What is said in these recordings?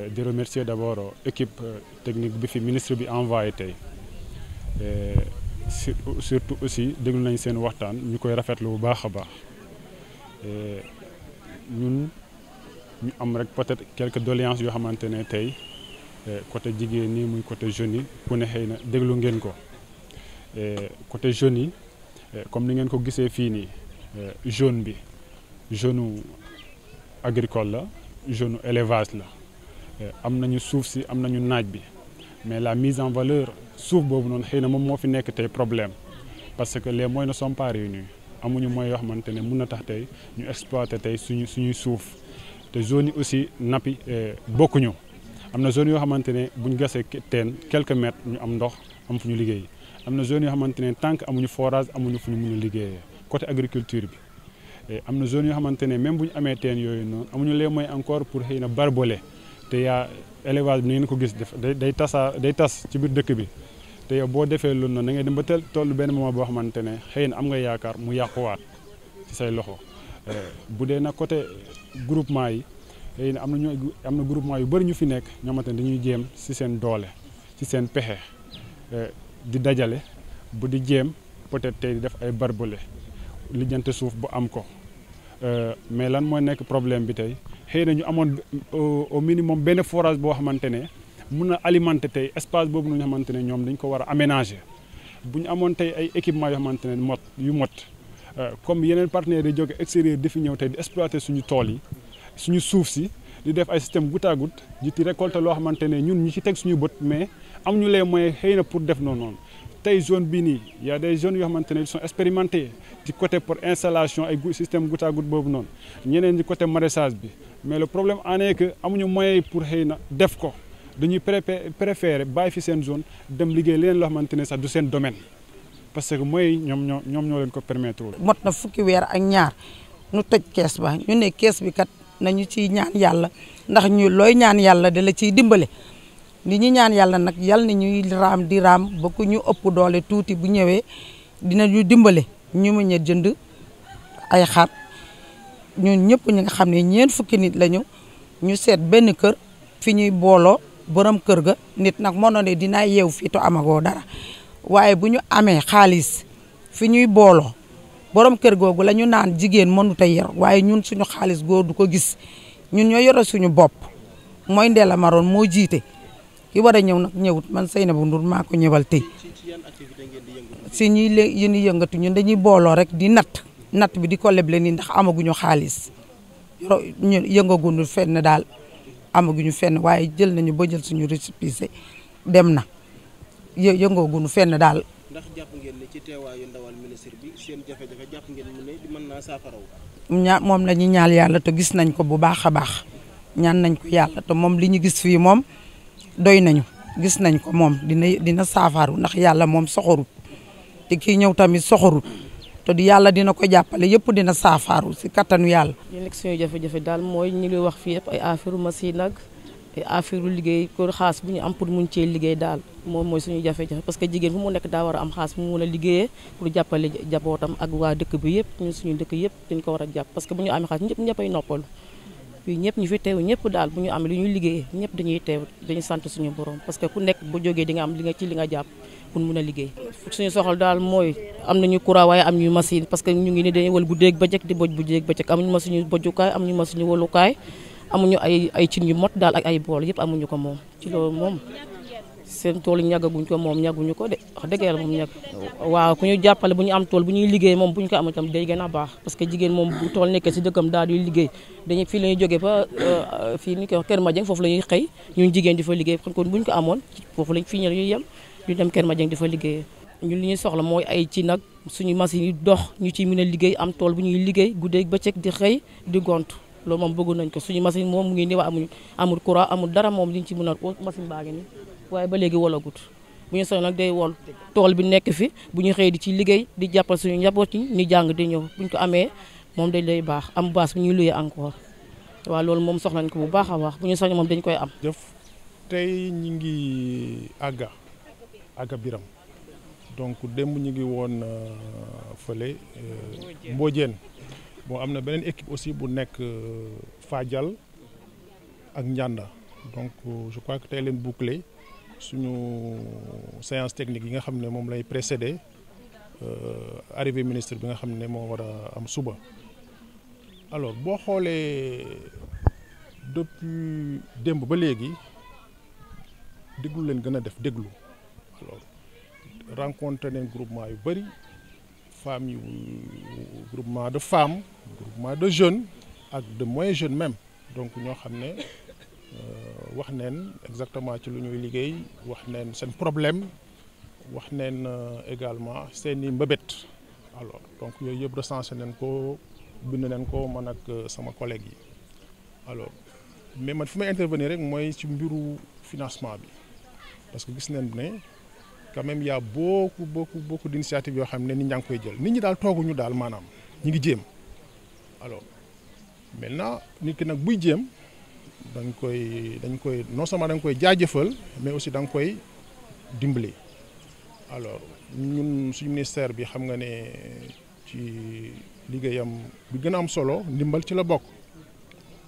Euh, di remercier d'abord euh, équipe euh, technique bi fi ministre bi envoyé tey surtout aussi déglu nañ seen waxtaan ñu koy rafetlu bu baax a baax ñun ñu am rek peut-être quelques doléances yoo xamante ne tey côté jigéen ñi muy côté jeunes yi ku ne xëy na déglu ngeen ko côté jeunes yi comme ni ngeen ko gisee fii nii jeune bi jeune agricole la jeune élevage la. Euh, am na ñu suuf si am na ñu naaj bi mais la mise en valeur suuf boobu noonu xëy na moom moo fi nekk tey problème parce que les moyens ne sont pas réunis amuñu moyens yoo xamante ne mun na tax tey ñu exploiter tey suñu suñuy suuf te zone yi aussi nappi euh, bokkuñu am na zone yoo xamante ne bu ñu gasee teen quelques ñu am ndox am fu ñu liggéey am na zone yoo xamante ne tant que amuñu forage amuñu ñu liggéeyee côté agriculture bi. am na zone yoo xamante ne même bu ñu amee teen yooyu noonu amuñu les moyens encore pour xëy na barboler te yaa élevage bi ni ngeen ko gis def day day tasaa day tas ci biir dëkk bi te yow boo defee loolu noonu da ngay dem ba tel toll benn moment boo xamante ne xëy na am nga yaakaar mu yàquwaat ci say loxo eh, bu dee nag côté groupement yi xëy na am na am na groupement yu bëri ñu fi nekk ñoo ne dañuy jéem si seen doole ci seen pexe eh, di dajale bu di jéem peut-être tey di def ay barbelé lijjante suuf bu am ko eh, mais lan mooy nekk problème bi tey xëy na ñu amoon euh, au minimum benn forage boo xamante ne mun na alimenter tey espace boobu nga xamante ne ñoom dañ ko war a aménager bu ñu amoon tey ay équipement yoo xamante ne mot yu mot euh, comme yeneen partenaires yi jóge extérieur di fi ñëw tey di exploiter suñu tool yi suñu suuf si di def ay système goutte à goutte di ci récolter loo xamante ne ñun ñu ci teg suñu bët mais am ñu les moyens xëy na pour def noonu noonu tey zone bii nii y a des yoo xamante ne ils sont expérimentés côté pour installation ay système goutte à boobu noonu ñeneen ñi côté maraîchage bi mais le problème en est que amuñu moyens yi pour xëy na def ko dañuy préférer bàyyi fi seen zone dem liggéey leneen loo xamante ne sax du seen domaine parce que mooy ñoom ñoo ñoom ñoo leen ko permettre wul. mot na fukki weer ak ñaar nu tëj kees ba ñu ne kees bi kat nañu ciy ñaan yàlla ndax ñu looy ñaan yàlla da la ciy dimbale li ñu ñaan yàlla nag yal na ñuy raam di raam ba ku ñu ëpp doole tuuti bu ñëwee dinañu dimbale ñu mën a jënd ay xar. ñun ñëpp ñu nga xam ne ñeen fukki nit lañu ñu seet benn kër fi ñuy booloo borom kër ga nit nag moo ne dinaa yeew fii to amagoo dara waaye bu ñu amee xaalis fi ñuy booloo borom kër googu la ñu naan jigéen mënut a yor waaye ñun suñu xaalis go du ko gis ñun ñoo yore suñu bopp mooy Ndella Marone moo jiite ki war a ñëw nag ñëwut man Seynabou Ndour maa maako ñëwal tey si ñuy yëngatu ñun dañuy booloo rek di natt natt bi di ko leble nii ndax amaguñu xaalis ñu yëngaguñu fenn daal amaguñu fenn waaye jël nañu ba jël suñu récépissé dem na yëngaguñu fenn daal. ndax jàpp ngeen ci teewaayu ndawal ministre bi mën naa saafaraw. ñaa moom la ñuy ñaal yàlla te gis nañ ko bu baax a baax ñaan nañ ko yàlla te moom li ñu gis fii moom doy nañu gis nañ ko moom dina dina saafaru ndax yàlla moom soxorut te kii ñëw tamit soxorut. te du yàlla dina ko jàppale yëpp dina saafaaru si kattanu yàlla. yéen ak suñu jafe-jafe daal mooy ñu ngi wax fii yëpp ay affaire nag ay liggéey ko xaas bu ñu am pour mun cee liggéey daal moom mooy suñu jafe-jafe que jigéen fu mu nekk daa war a am xaas bu mu mun a liggéeyee pour ak waa dëkk bi yëpp dëkk yëpp dañ ko war a jàpp parce que bu ñëpp ñëppay noppalu fii fi teew ñëpp daal bu ñu amee lu ñuy ñëpp dañuy teew dañuy sant suñu borom parce que ku nekk bu jogee di nga am li nga ci li nga jàpp pour mun a liggéey suñu soxla daal mooy am nañu courant waaye am ñu machine parce que ñu ngi ne dañuy wal bu déeg bëccëg di boj bu déeg bëccëg amuñu machine bojukaay ñu machine walukaay amuñu ay ay cin yu mot daal ak ay bool yëpp amuñu ko moom ci loolu moom seen tool yi ñàggaguñ ko moom ñàgguñu ko de wax dëgg yàlla moom ñàgg waaw ku ñu jàppale bu ñu am tool bu ñu liggéey moom bu ñu ko am itam day gën a baax parce que jigéen moom bu tool nekkee si dëkkam daal di liggéey dañuy fii la ñuy jógee fa euh, fii ni ko Kër foofu la ñuy xëy ñun jigéen di fa liggéey kon bu ñu ko amoon foofu lañ fii ñëw ñuy ñu dem Kër Madiang dafa liggéeyee li ñuy soxla mooy ay ci nag suñu machine yi dox ñu ci mën a liggéey am tool bu ñuy liggéey guddeeg bëccëg di xëy di gont loolu moom bëggoon nañ ko suñu machine moom mu ngi nii waa amuñu amul courant amul dara moom liñ ci mën a oh, machine baa ngi nii waaye ba léegi wolagut bu ñu soxla nag day wol tool bi nekk fi bu ñu xëy di ci liggéey di jàppal suñu njaboot yi ñi jàng di ñëw buñ ko amee moom day day baax am baas bu ñuy luyee encore waaw loolu moom soxla nañ ko bu baax a baax bu ñu soxla moom dañ koy am. jëf tey ñu ak biram donc démb ñu ngi woon euh, fële euh, Mbodiène bon am na beneen équipe aussi bu nekk euh, Fadial ak Ndianda donc je crois que tey leen boucler suñu séance technique yi nga xam ne moom lay précéder arrivé ministre bi nga xam ne moo war a am suba alors boo xoolee depuis démb ba léegi déglu leen gën a def déglu loolu rencontré groupement yu bëri femmes yu groupement de femmes groupement de jeunes ak de moins jeunes même donc ñoo xam ne euh, wax neen exactement ci lu ñuy liggéey wax neen seen problème wax neen euh, également seen i mbëbét alors donc yooyu yëpp recensé nañ ko bind nañ ko man ak euh, sama collègue yi alors mais man fi may intervenir rek mooy ci mbiru financement bi parce que gis nañ ne quand même y' a beaucoup beaucoup initiative yoo xam ne nit ñaa ngi koy jël nit ñi daal tooguñu daal maanaam ñi ngi jéem alors maintenant nit ki nag buy jéem dañ koy dañ koy non dañ koy jaajëfal mais aussi da nga koy dimbali. alors ñun suñu ministère bi xam nga ne ci liggéeyam bi gën a am solo ndimbal ci la bokk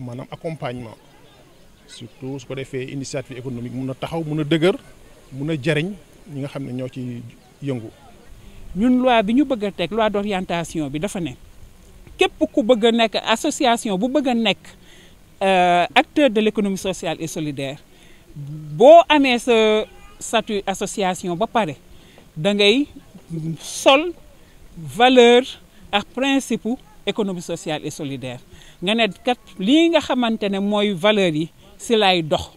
maanaam accompagnement surtout su ko defee initiative économique mun a taxaw mun a dëgër mun a jariñ ñu nga xam ne ñoo ci yëngu. ñun loi bi ñu bëgg a teg loi d'orientation bi dafa ne képp ku bëgg a nekk association bu bëgg a nekk euh, acteur de l'économie sociale et solidaire boo amee sa statut association ba pare da ngay sol valeur ak principe économie sociale et solidaire nga ne kat lii nga xamante ne mooy valeur yi si lay dox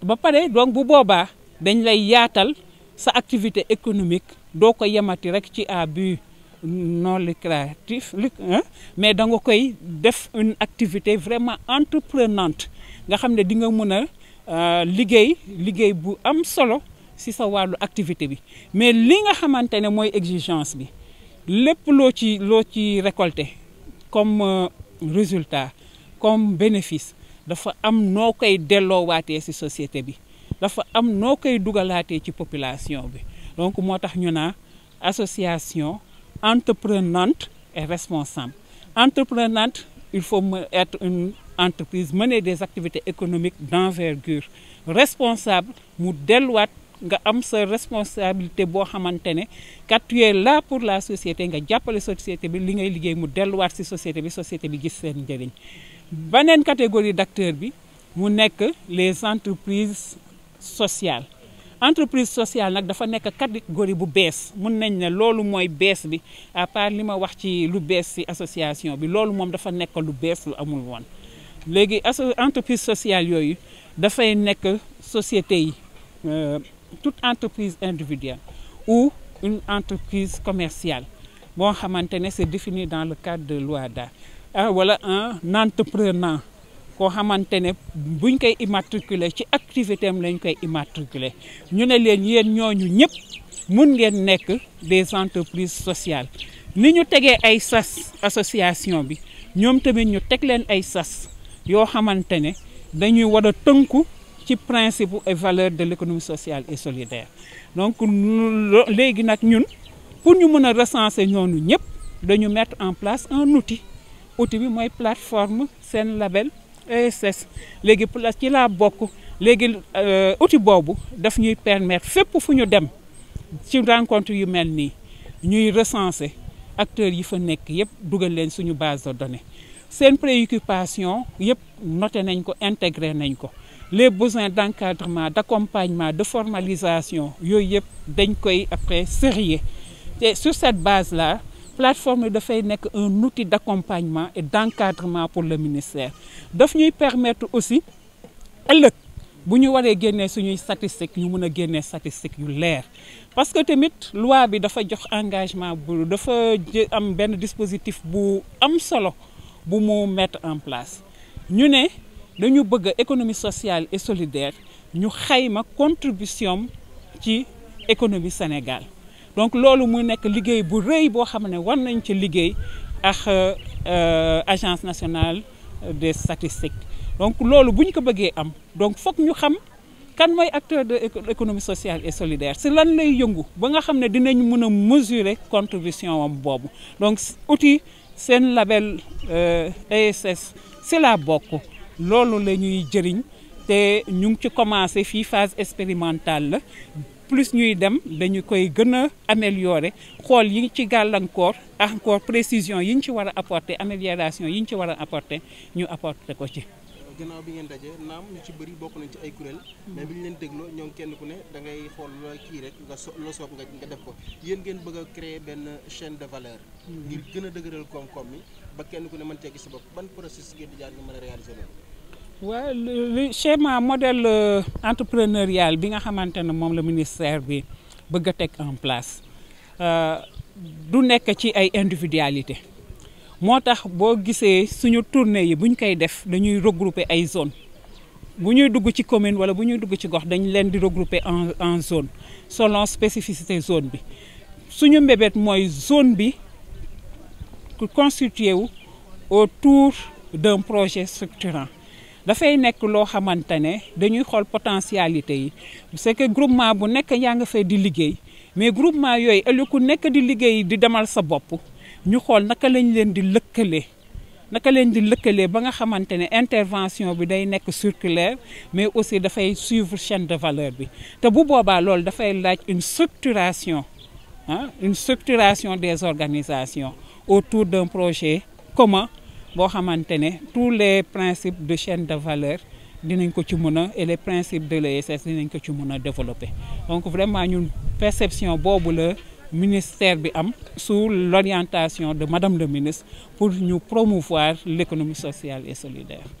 ba pare donc bu boobaa dañ lay yaatal. sa activité économique doo ko yemati rek ci à but non lucratif mais da nga koy def une activité vraiment entreprenante nga xam ne di nga mën a euh, liggéey liggéey bu am solo si sa wàllu activité bi mais li nga xamante ne mooy exigence bi lépp loo ci loo ci récolté comme euh, résultat comme bénéfice dafa am noo koy delloowaatee si société bi dafa am noo koy dugalaatee ci population bi donc moo tax ñu naa association entreprenante et responsable entreprenante il faut être une entreprise mener des activités économiques d'envergure responsable mu delluwaat nga am sa responsabilité boo xamante ne kat tu es pour la société nga jàppale société bi li ngay liggéey mu delluwaat si société bi société bi gis seen njëriñ beneen catégorie d'acteurs bi mu nekk les entreprises sociale entreprise sociale nag dafa nekk catégorie bu bees mun nañ ne loolu mooy bees bi à part li ma wax ci lu bees ci association bi loolu moom dafa nekk lu bees lu amul woon léegi entreprise sociale yooyu dafay nekk société yi euh, toute entreprise individuelle ou une entreprise commerciale moo xamante ne c'est défini dans le cadre de l'OHADA ah wala un entrepreneur koo xamante ne buñ koy immatriculer ci activité am lañ koy immatriculer ñu ne leen yéen ñooñu ñëpp mun ngeen nekk des entreprises sociales ni ñu tegee ay sas association bi ñoom tamit ñu teg leen ay sas yoo xamante ne dañuy war a tënku ci principe et valeur de l'économie sociale et solidaire donc léegi nag ñun pour ñu mën a recenser ñooñu ñëpp dañu mettre en place un outil outil bi mooy plateforme seen label ESS léegi place ci la bokk léegi euh, outil boobu daf ñuy permettre fépp fu ñu dem ci rencontre yu mel nii ñuy recenser acteurs yi fa nekk yëpp dugal leen suñu base de données seen préoccupation yëpp noté nañ ko intégré nañ ko les besoins d'encadrement d'accompagnement de formalisation yooyu yëpp dañ koy après sérieux te sur cette base la plateforme bi dafay nekk un outil d'accompagnement et d'encadrement pour le ministère daf ñuy permettre aussi ëllëg bu ñu waree génnee suñuy statistiques ñu mën a génnee statistiques yu leer parce que tamit loi bi dafa jox engagement bu dafa am benn dispositif bu am solo bu mu mettre en place ñu ne dañu bëgg économie sociale et solidaire ñu xayma contribution ci économie Sénégal donc loolu mu nekk liggéey bu rëy boo xam ne war nañ ci liggéey ak euh, agence nationale des statistiques donc loolu bu ñu ko bëggee am donc foog ñu xam kan mooy acteur de économie sociale et solidaire si lan lay yëngu ba nga xam ne dinañ mën a mesurer contribution am boobu donc outil seen label ESS euh, si la bokk loolu la ñuy jëriñ te ñu ngi ci commencé fii phase expérimentale la plus ñuy dem dañu koy gën a améliorer xool yi ci gàllankoor encore précision yi ñu ci war a apporter amélioration yi ñu ci war a apporter ñu apporter ko ci. gannaaw bi ngeen dajee naam ñu ci bëri bokk nañ ci ay kuréel. mais bi ñu leen dégloo ñoom kenn ku ne da ngay xool loo kii rek nga so loo soob nga def ko yéen ngeen bëgg a créer benn chaine de valeur. ngir gën a dëgëral koom-koom mi ba kenn ku ne mën cee gis bopp ban processus ngeen di jaar nga mën a réaliser loolu. waaw li schéma modèle euh, entrepreneurial bi nga xamante ne moom la ministère bi bëgg a teg en place euh, du nekk ci ay individualité moo tax boo gisee suñu tournée yi buñ koy def dañuy regrouper ay zone bu ñuy dugg ci commune wala bu ñuy dugg ci gox dañ leen di regrouper en en zone selon spécificité zone bi suñu mbébét mooy zone bi constitué wu autour d'un projet structurant dafay nekk loo xamante ne dañuy xool potentialité yi c'est que groupement bu nekk yaa nga fay di liggéey mais groupement yooyu ëllëg ku nekk di liggéey di demal sa bopp ñu xool naka lañ leen di lëkkalee naka leen di lëkkalee ba nga xamante ne intervention bi day nekk circulaire mais aussi dafay suivre chaîne de valeur bi te bu boobaa loolu dafay laaj une structuration ah une structuration des organisations autour d'un projet commun boo xamante ne tous les principes de chaîne de valeur dinañ ko ci mën a et les principes de l'ESS dinañ ko ci mën a développer donc vraiment ñun perception boobu la ministère bi am sous l'orientation de madame le ministre pour ñu promouvoir l'économie sociale et solidaire